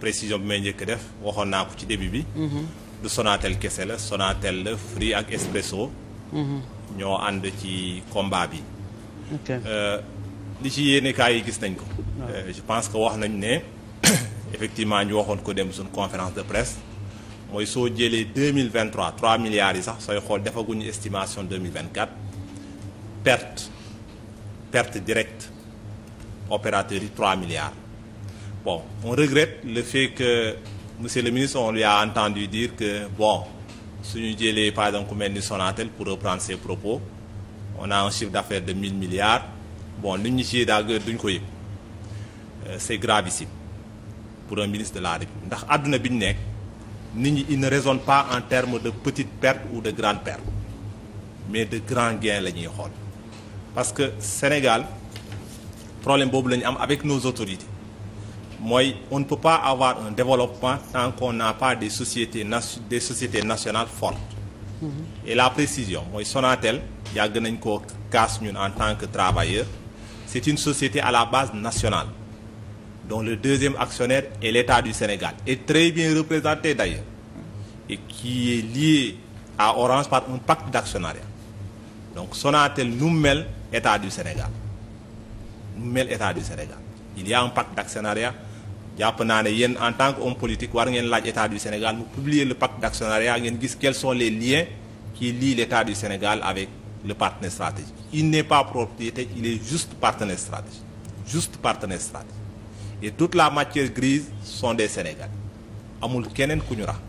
précision bi may njëkk def waxoon naa ko ci début bi. Mhm. du Sonatel kese la Sonatel la Free ak Expresso. Mhm. ñoo ànd ci combat bi. Euh, li ci yéenekaay yi gis nañ ko. Euh, je pense que wax nañ ne effectivement ñu waxoon ko dem suñ conférence de presse mooy soo jëlee deux mille vingt trois trois milliards yi sax sooy xool defaguñu estimation deux mille vingt quatre perte perte directe opérateur yi trois milliards. Bon, on regrette le fait que monsieur le ministre on lui a entendu dire que bon suñu jëlee par exemple ku mel ni Sonatel pour reprendre ses propos on a un chiffre d'affaires de 1000 milliards bon nit ñi ci daal duñu ko yëg euh, c'est gravissime pour un ministre de la République ndax àdduna bi ñu nekk nit ñi il ne raisonne pas en termes de petites pertes ou de grandes pertes mais de grands gains la ñuy xool parce que Sénégal problème boobu la ñu am avec nos autorités mooy on ne peut pas avoir un développement tant qu'on n'a pas des sociétés des sociétés nationales fortes mm-hmm. et la précision mooy Sonatel yàgg nañ koo kaas ñun en tant que travailleur c'est une société à la base nationale dont le deuxième actionnaire est l'État du Sénégal et très bien représenté d'ailleurs et qui est lié à Orange par un pacte d'actionnariat donc Sonatel nu mel État du Sénégal nu mel État du Sénégal il y a un pacte d'actionnariat jàpp naa ne yéen en tant que homme politique war ngeen laaj état du Sénégal mu publier le pacte d'actionnariat ngeen gis quels sont les liens qui lient l'état du Sénégal avec le partenaire stratégique il n'est pas propriétaire il est juste partenaire stratégique juste partenaire stratégique et toute la matière grise sont des Sénégalais amul keneen ku ñu rax